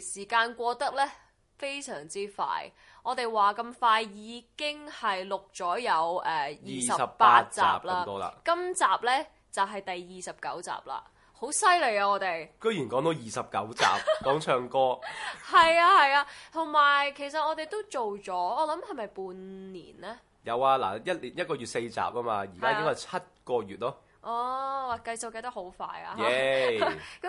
時間過得呢非常之快，我哋話咁快已經係錄咗有誒二十八集啦，咁多啦，今集呢就係、是、第二十九集啦，好犀利啊！我哋居然講到二十九集講 唱歌，係啊係啊，同埋、啊、其實我哋都做咗，我諗係咪半年呢？有啊，嗱、啊，一年一個月四集啊嘛，而家應該係七個月咯。哦，計數計得好快啊！咁 Yeah.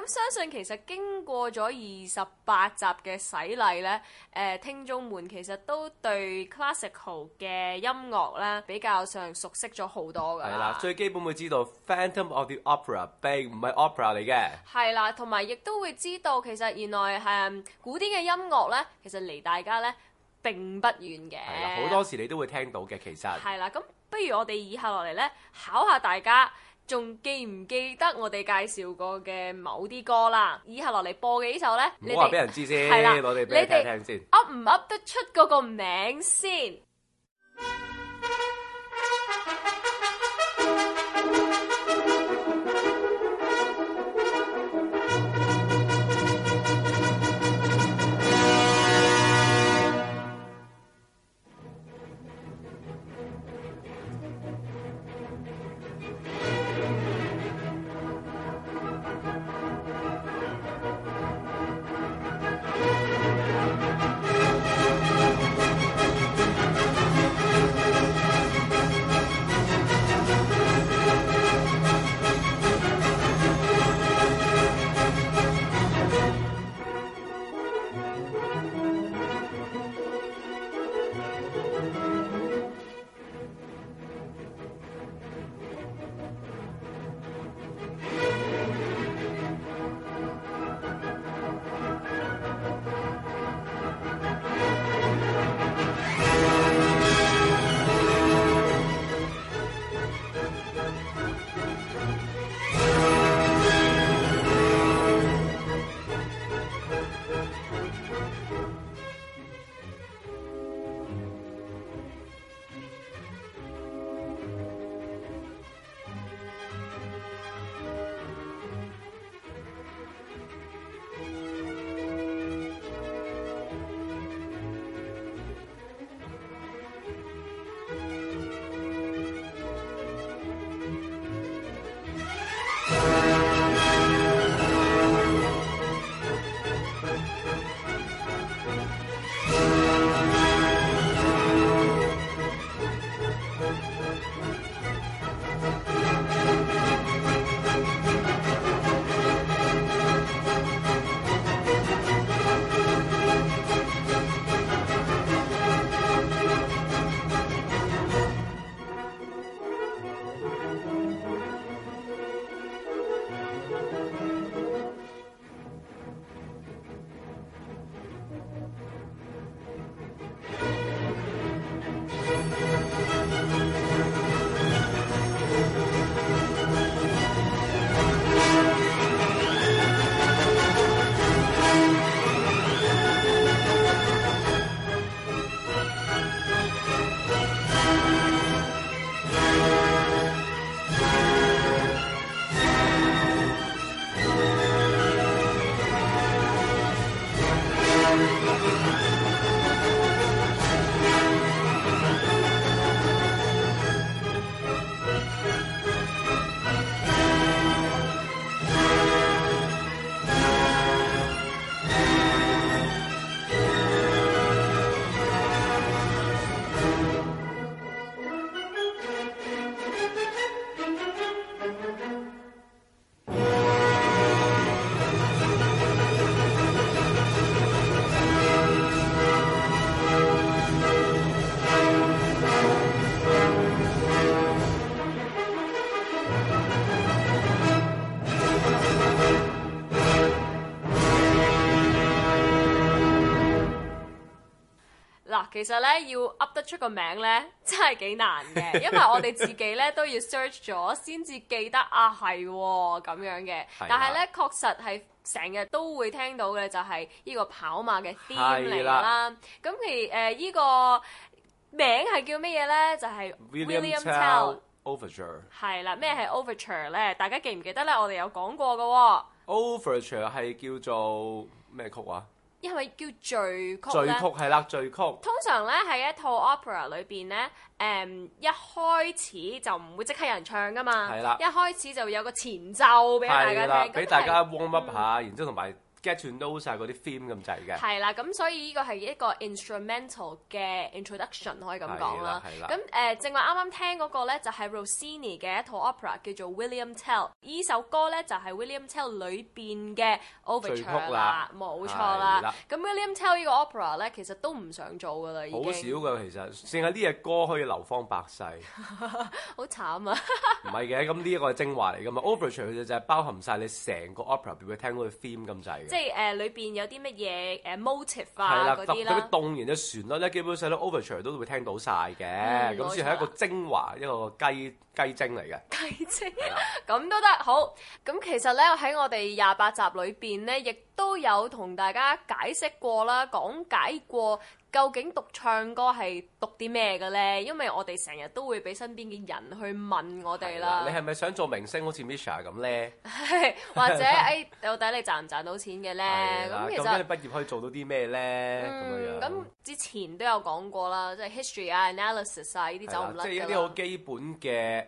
相信其實經過咗二十八集嘅洗禮呢，誒、呃、聽眾們其實都對 classical 嘅音樂呢比較上熟悉咗好多㗎。係啦，最基本會知道《 Phantom of the Opera》並唔係 opera 嚟嘅。係啦，同埋亦都會知道其實原來係古典嘅音樂呢，其實離大家呢並不遠嘅。係啦，好多時你都會聽到嘅。其實係啦，咁不如我哋以下落嚟呢，考下大家。仲記唔記得我哋介紹過嘅某啲歌啦？以下落嚟播嘅呢首咧，你話俾人知先，攞哋俾大家聽先，噏唔噏得出嗰個名先？其實咧要噏得出個名咧，真係幾難嘅，因為我哋自己咧都要 search 咗先至記得啊，係咁、哦、樣嘅。是的但係咧，確實係成日都會聽到嘅就係呢個跑馬嘅 theme 嚟啦。咁的其誒呢、呃這個名係叫咩嘢咧？就係、是、Will William Tell Overture。係啦，咩係 Overture 咧？大家記唔記得咧？我哋有講過嘅、哦、Overture 係叫做咩曲啊？係咪叫序曲咧？序曲係啦，序曲。通常呢喺一套 opera 裏邊呢誒、嗯，一開始就唔會即刻有人唱噶嘛。係啦了，一開始就有個前奏俾大家聽，俾了、就是、大家 warm up 下，嗯、然之後同埋。get know 晒嗰啲 theme 咁滯嘅，係啦，咁所以呢個係一個 instrumental 嘅 introduction 可以咁講啦。係啦，係啦，咁誒，正話啱啱聽嗰個咧就係 Rossini 嘅一套 opera 叫做 William Tell，依首歌咧就係 William Tell 裏邊嘅 overture 啦，冇錯啦。咁了 William Tell 呢個 opera 咧其實都唔想做噶啦，已經好少噶，其實淨係呢隻歌可以流芳百世，好 慘啊！唔係嘅，咁呢一個係精華嚟㗎嘛，overture 佢就係包含晒你成個 opera 俾你聽嗰啲 theme 咁滯嘅。即係誒，裏邊有啲乜嘢誒 motif 啊嗰啲啦，凍完嘅旋律咧，基本上都 overture 都會聽到晒嘅，咁先係一個精華，嗯、一個雞雞精嚟嘅。雞精咁都得好，咁其實咧喺我哋廿八集裏邊咧亦。都有同大家解釋過啦，講解過究竟讀唱歌係讀啲咩嘅咧？因為我哋成日都會俾身邊嘅人去問我哋啦。你係咪想做明星好似 Misha 咁咧？呢 或者誒、哎，到底你賺唔賺到錢嘅咧？咁了其實你畢業可以做到啲咩咧？咁咁、嗯、樣之前都有講過啦，即、就、係、是、history 啊、analysis 啊啲走唔甩，即係一啲好基本嘅，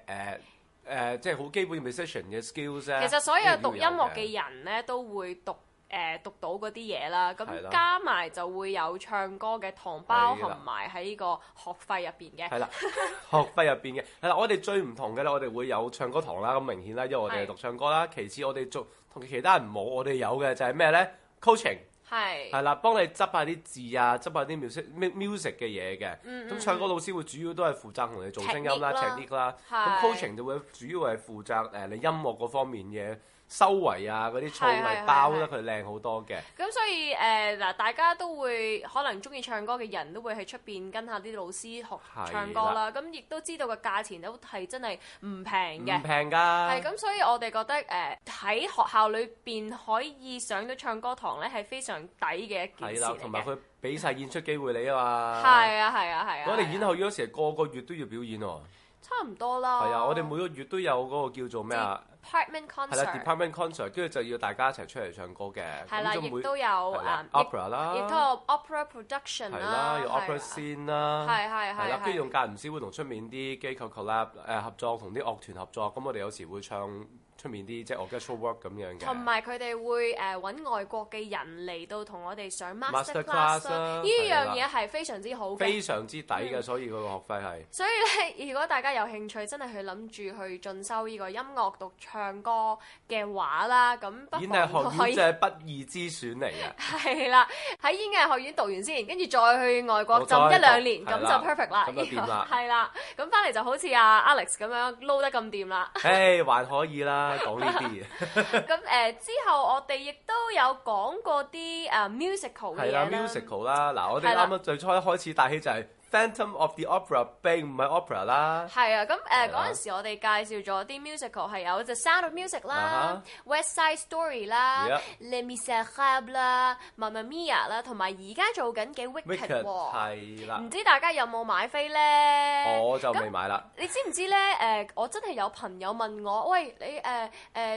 即係好基本 musician 嘅 skills 咧。其實所有讀音樂嘅人咧，都會讀。誒讀到嗰啲嘢啦，咁加埋就會有唱歌嘅堂，包含埋喺呢個學費入邊嘅。係啦了， 學費入邊嘅。係啦，我哋最唔同嘅咧，我哋會有唱歌堂啦。咁明顯啦，因為我哋係讀唱歌啦。是其次我們，我哋做同其他人冇，我哋有嘅就係咩咧？coaching 係係啦，幫你執下啲字啊，執下啲 music music 嘅嘢嘅。咁、嗯嗯嗯、唱歌老師會主要都係負責同你做聲音啦、pitch 啦。咁是 coaching 就會主要係負責誒你音樂嗰方面嘅。收圍啊！嗰啲菜咪包得佢靚好多嘅。咁所以誒嗱、呃，大家都會可能中意唱歌嘅人都會喺出邊跟下啲老師學唱歌啦。咁亦的、嗯、都知道個價錢都係真係唔平嘅。唔平㗎。係咁，所以我哋覺得誒喺、呃、學校裏邊可以上到唱歌堂咧，係非常抵嘅一件事。係啦，同埋佢俾晒演出機會你啊嘛。係啊， 係啊，係啊。我哋演校嗰時個個月都要表演喎。差唔多啦。係啊，我哋每個月都有嗰個叫做咩啊？係啦，Department concert，跟住就要大家一齊出嚟唱歌嘅。係啦了，亦都有啊了、嗯、opera 啦，亦都有 opera production 啦，有 opera scene 啦。係係係係。隔跟住用隔唔時會同出面啲機構 collab，誒、呃、合作，同啲樂團合作。咁、嗯、我哋有時會唱。出面啲即係 orchestral work 咁樣嘅，同埋佢哋會誒揾外國嘅人嚟到同我哋上 master class 呢樣嘢係非常之好嘅，非常之抵嘅，所以嗰個學費係。所以咧，如果大家有興趣，真係去諗住去進修呢個音樂讀唱歌嘅話啦，咁演藝學院真係不二之選嚟嘅。係啦，喺演藝學院讀完先，跟住再去外國浸一兩年，咁就 perfect 啦。咁都掂啦。係啦，咁翻嚟就好似阿 Alex 咁樣撈得咁掂啦。誒，還可以啦。講呢啲嘢咁誒，之後我哋亦都有講過啲誒 musical 嘅嘢啦。係啦，musical 啦，嗱，我哋啱啱最初一開始帶起就係、是。Phantom of the Opera 並唔係 opera 啦。係啊，咁誒嗰陣時我哋介紹咗啲 musical 係有隻 Sound of Music 啦，West Side Story 啦，Les Misérables 啦，Mamma Mia 啦，同埋而家做緊嘅 Wicked 喎。係啦，唔知大家有冇買飛咧？我就未買啦。你知唔知咧？誒，我真係有朋友問我，喂，你誒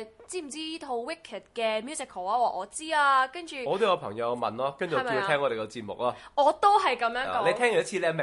誒，知唔知呢套 Wicked 嘅 musical 啊？我話我知啊，跟住我都有朋友問咯，跟住叫佢聽我哋個節目咯。我都係咁樣講。你聽完一次咧？其實我唔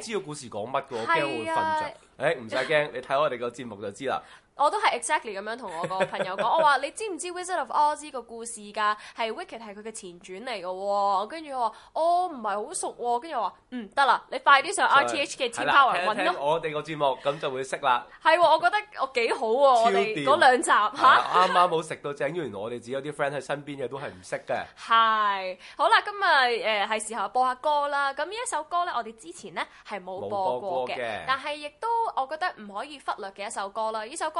知道故事講乜嘅，啊，我驚會瞓著。誒、啊，唔使驚，你睇我哋個節目就知啦。我都係 exactly 咁樣同我個朋友講， 我話你知唔知 Wizard of Oz 個故事㗎？係 Wicked 係佢嘅前傳嚟嘅喎。跟住我話：哦，我唔係好熟。跟住我話：嗯，得啦，你快啲上 RTHK 嘅 Teen Power 嚟揾咯。 我哋個節目咁就會識啦。係，我覺得我幾好喎。棒我哋嗰兩集嚇啱啱好食到正，因為我哋只有啲 friend 喺身邊嘅都係唔識嘅。係好啦，今日誒係時候播下歌啦。咁呢一首歌咧，我哋之前咧係冇播過嘅，過的但係亦都我覺得唔可以忽略嘅一首歌啦。呢首歌。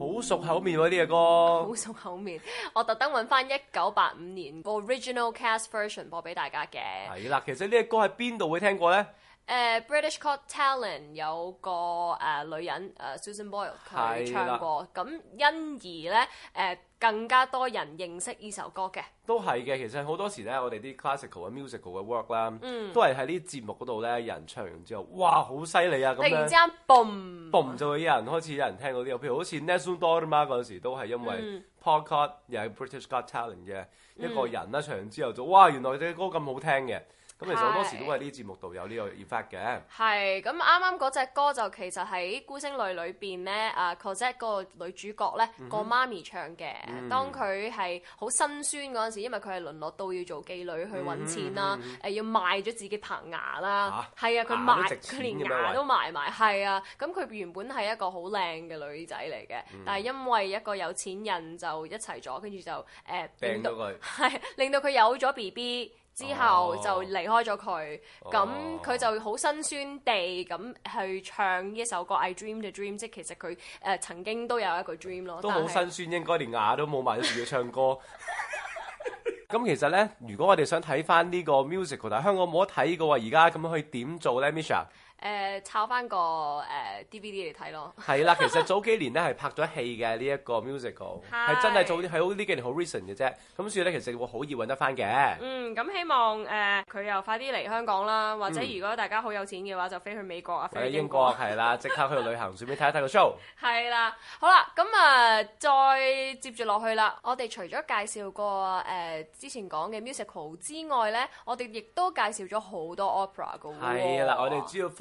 好、嗯嗯、熟口面喎呢隻歌，好熟口面，嗯、我特登揾翻一九八五年個 original cast version 播俾大家嘅。係啦，其實呢隻歌喺邊度會聽過呢？誒、uh, British Got Talent 有個誒、uh, 女人誒、uh, Susan Boyle 佢的唱過，咁、uh, 嗯、因而咧誒、uh, 更加多人認識呢首歌嘅。都係嘅，其實好多時咧，我哋啲 classical 嘅 musical 嘅 work 啦，嗯、都係喺啲節目嗰度咧，有人唱完之後，哇，好犀利啊！咁突然之間 boom boom 就會有人開始有人聽嗰啲，譬如好似 Nessun Dorma 嗰陣時都係因為 Paul Potts 又係 British Got Talent 嘅、嗯、一個人啦，唱完之後就哇，原來啲歌咁好聽嘅。咁其實好多時都係呢個節目度有呢個 effect 嘅。係咁啱啱嗰隻歌就其實喺《孤星淚》裏邊咧，啊、呃，即係個女主角咧，嗯、哼個媽咪唱嘅。嗯、哼當佢係好辛酸嗰陣時，因為佢係淪落到要做妓女去揾錢啦、嗯哼呃，要賣咗自己棚牙啦，係啊，佢、啊、賣，佢、啊、連牙都賣埋，係啊。咁佢原本係一個好靚嘅女仔嚟嘅，嗯、哼但係因為一個有錢人就一齊咗，跟住就佢、呃，令到佢有咗 B B。之後就離開咗佢，咁佢、哦、就好辛酸地咁去唱呢首歌《I Dream the Dream》，即係其實佢誒曾經都有一個 dream 咯，都好辛酸，是應該連牙都冇埋都試過唱歌。咁 其實咧，如果我哋想睇翻呢個 musical，但香港冇得睇嘅喎，而家咁樣去點做咧，Misha？誒、呃，抄翻個、呃、DVD 嚟睇咯。係啦，其實早幾年咧係 拍咗戲嘅呢一個 musical，係 真係早啲，喺好呢幾年好 recent 嘅啫。咁所以咧，其實會好易搵得翻嘅、嗯。嗯，咁希望誒佢、呃、又快啲嚟香港啦，或者如果大家好有錢嘅話，就飛去美國啊，嗯、飛去英國係啦，即刻 去旅行，順便睇一睇個 show。係啦， 好啦，咁啊、呃，再接住落去啦。我哋除咗介紹過誒、呃、之前講嘅 musical 之外咧，我哋亦都介紹咗好多 opera 嘅喎。係啦，我哋知要。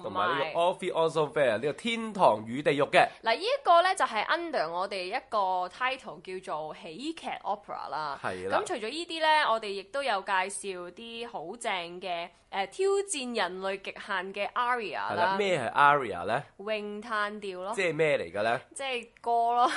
同埋呢個《All Fears Also Fair》呢個天堂與地獄嘅。嗱，呢一個咧就係 under 我哋一個 title 叫做喜劇 opera 啦了，咁除咗依啲咧，我哋亦都有介紹啲好正嘅誒挑戰人類極限嘅 aria 啦。咩係 aria 咧？詠嘆調咯，即係咩嚟嘅咧？即係歌咯。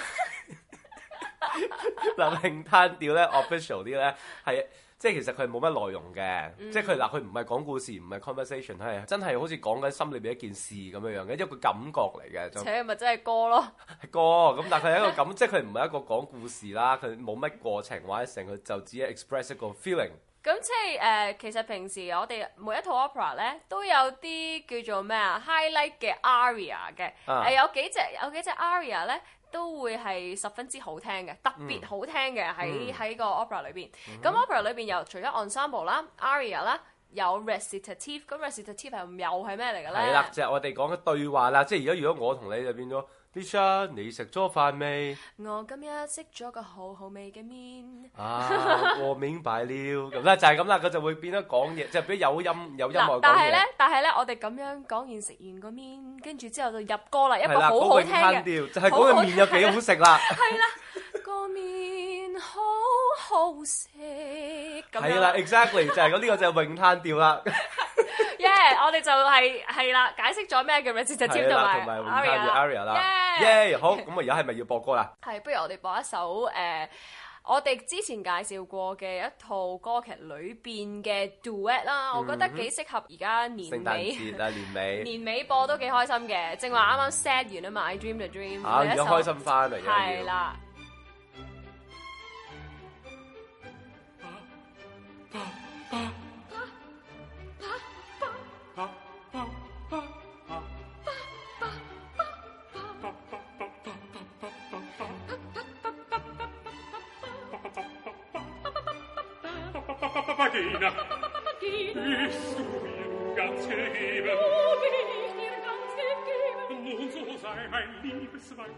嗱，詠嘆調咧 official 啲咧，係。即係其實佢冇乜內容嘅，即係佢嗱佢唔係講故事，唔係 conversation，係真係好似講緊心裏邊一件事咁樣樣嘅，一個感覺嚟嘅。而且咪真係歌咯，係歌咁，但佢係一個咁，即係佢唔係一個講故事啦，佢冇乜過程，或者成個就只係 express 一個 feeling。咁即係誒，其實平時我哋每一套 opera 咧都有啲叫做咩啊 highlight 嘅 aria 嘅，誒有幾隻有幾隻 aria 咧，都會係十分之好聽嘅，特別好聽嘅喺喺個 opera 裏邊，咁 opera 裏邊又除咗 ensemble 啦，aria 啦，有 recitative rec。咁 recitative 又係咩嚟嘅咧？係啦，就係我哋講嘅對話啦。即係如果如果我同你就變咗。Bisha，你食咗飯未？我今日食咗個好好味嘅面。啊，我明白了。咁啦就係咁啦，佢就會變得講嘢，即係變咗有音有音樂講嘢。但係咧，但係咧，我哋咁樣講完食完個麵，跟住之後就入歌啦，一個好好聽嘅。好好聽嘅。就係個麵有幾好食啦，係啦，個麵好好食。係啦，exactly 就係咁，呢個就係詠嘆調啦。耶！我哋就係係啦，解釋咗咩嘅咩？直接簽就埋。係啦，同埋 Aria，Aria 啦。耶！好，咁我而家係咪要播歌啦？係，不如我哋播一首誒，我哋之前介紹過嘅一套歌劇裏邊嘅 duet 啦，我覺得幾適合而家年尾。聖誕節啊，年尾。年尾播都幾開心嘅，正話啱啱 set 完啊嘛，I dream to dream。啊，要開心翻嚟。係啦。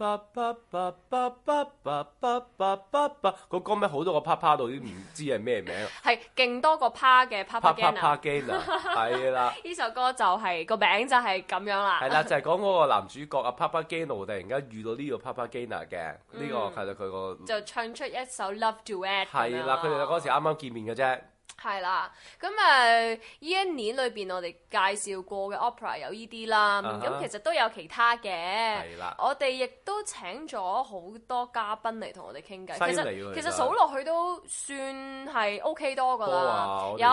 爸爸個歌咩？好多個趴趴度，唔知係咩名。係勁多個趴嘅。Papageno。Papagena 係啦。呢首歌就係個名就係咁樣啦。係啦，就係講嗰個男主角啊，Papageno 突然間遇到呢個 Papagena 嘅呢個，係佢個。就唱出一首 love duet 係啦，佢哋嗰時啱啱見面嘅啫。係啦，咁誒呢一年裏邊，我哋介紹過嘅 opera 有依啲啦，咁、uh huh. 其實都有其他嘅。係啦了，我哋亦都請咗好多嘉賓嚟同我哋傾偈。其實其實數落去都算係 OK 多噶啦。有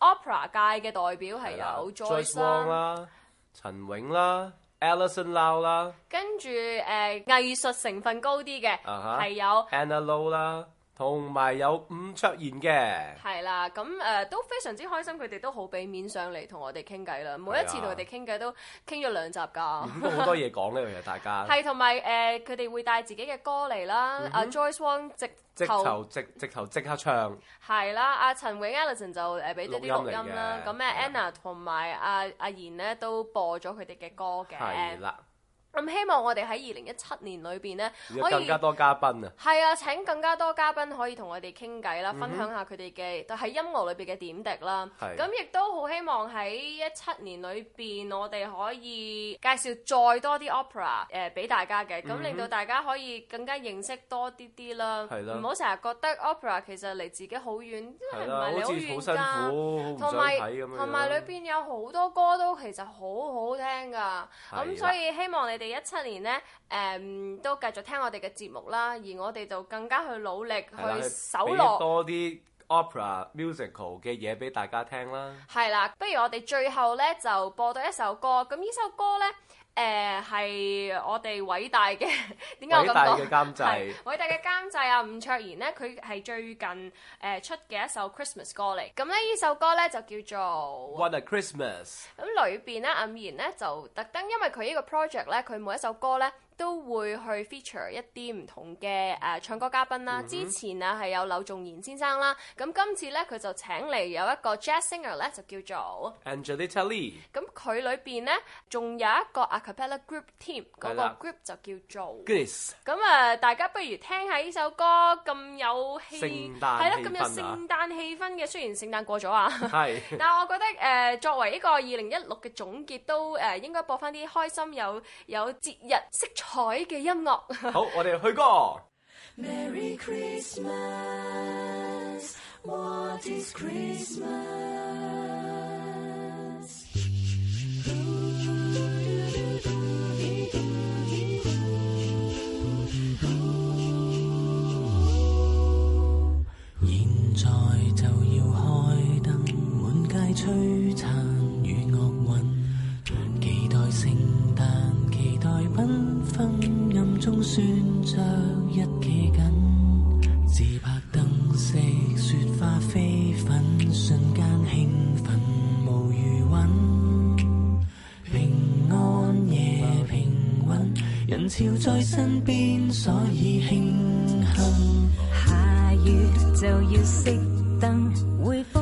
opera 界嘅代表係有 Joyce 啦、陳詠啦、Alison Lau 啦，跟住誒、呃、藝術成分高啲嘅係有 Anna Low 啦。同埋有伍卓賢嘅，係啦，咁、呃、誒都非常之開心，佢哋都好俾面上嚟同我哋傾偈啦。每一次同佢哋傾偈都傾咗兩集噶，都好的多嘢講呢。其實 大家係同埋誒，佢哋、呃、會帶自己嘅歌嚟啦。阿、嗯哼啊、Joyce Wong 直頭直頭直直頭即刻唱，係啦。阿、啊、陳永、Alison 就誒俾咗啲錄音啦。咁誒那的 Anna 同埋阿阿賢呢都播咗佢哋嘅歌嘅，係啦。咁、嗯、希望我哋喺二零一七年裏邊咧，可以有更加多嘉賓啊！係啊，請更加多嘉賓可以同我哋傾偈啦，嗯、哼分享下佢哋嘅喺音樂裏邊嘅點滴啦。咁亦的都好希望喺一七年裏面，我哋可以介紹再多啲 opera 誒、呃、俾大家嘅，咁令到大家可以更加認識多啲啲啦。唔好成日覺得 opera 其實離自己好遠，因為唔係的你好遠㗎。同埋同埋裏邊有好多歌都其實好好聽㗎，咁的所以希望你。第一七年呢，誒、嗯、都繼續聽我哋嘅節目啦，而我哋就更加去努力的去搜羅多啲 opera musical 嘅嘢俾大家聽啦。係啦，不如我哋最後呢就播到一首歌，咁呢首歌呢。誒係、呃、我哋偉大嘅，點解我咁講？嘅監製，偉大嘅監製啊！ 吳卓賢呢，佢係最近誒出嘅一首 Christmas 歌嚟。咁咧呢首歌呢，就叫做 What a Christmas。咁裏邊呢，阿賢呢，就特登，因為佢呢個 project 呢，佢每一首歌呢。都會去 feature 一啲唔同嘅誒唱歌嘉賓啦。之前啊係有柳重言先生啦，咁今次咧佢就請嚟有一個 jazz singer 咧就叫做 Angelita Lee。咁佢裏邊咧仲有一個 a cappella group team，嗰個 group 就叫做 Goodness。咁啊，大家不如聽下呢首歌咁有氣，係咯咁有聖誕氣氛嘅。雖然聖誕過咗啊，係但係我覺得誒作為一個二零一六嘅總結，都誒應該播翻啲開心有有節日色彩。海嘅音樂，好，我哋去過。Merry Christmas. 繽紛暗中算着一起緊，自拍燈飾雪花飛粉，瞬間興奮無餘溫。平安夜平穩，人潮在身邊，所以慶幸。下月就要熄燈。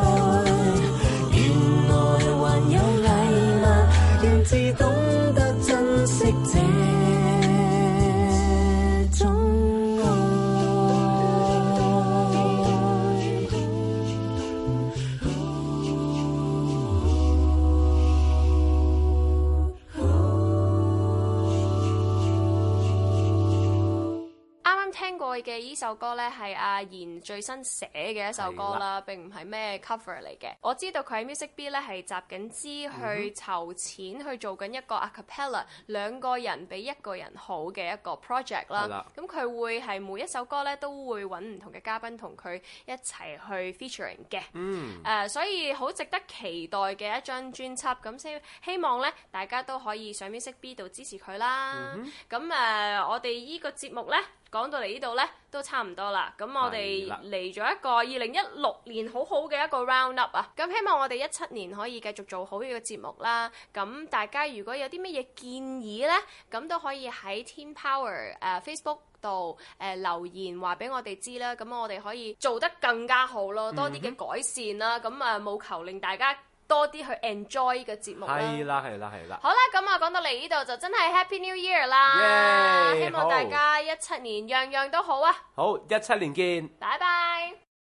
首歌咧係阿賢最新寫嘅一首歌啦，了並唔係咩 cover 嚟嘅。我知道佢喺 Music B 咧係集緊資去籌錢、嗯、哼去做緊一個 acapella 兩個人比一個人好嘅一個 project 啦。咁佢了會係每一首歌咧都會揾唔同嘅嘉賓同佢一齊去 featuring 嘅。誒、嗯，uh, 所以好值得期待嘅一張專輯。咁先希望咧，大家都可以上 Music B 度支持佢啦。咁誒、嗯哼，uh, 我哋依個節目咧，講到嚟呢度呢，都差唔多啦。咁我哋嚟咗一個二零一六年好好嘅一個 round up 啊。咁希望我哋一七年可以繼續做好呢個節目啦。咁大家如果有啲乜嘢建議呢，咁都可以喺 Team Power、呃、Facebook 度、呃、留言話俾我哋知啦。咁我哋可以做得更加好咯，多啲嘅改善啦。咁、嗯、哼啊，務求令大家。多啲去 enjoy 個節目，係啦，係啦，係啦。好啦，咁啊講到嚟呢度就真係 Happy New Year 啦！Yeah! 希望大家一七年好樣樣都好啊！好，一七年見，拜拜。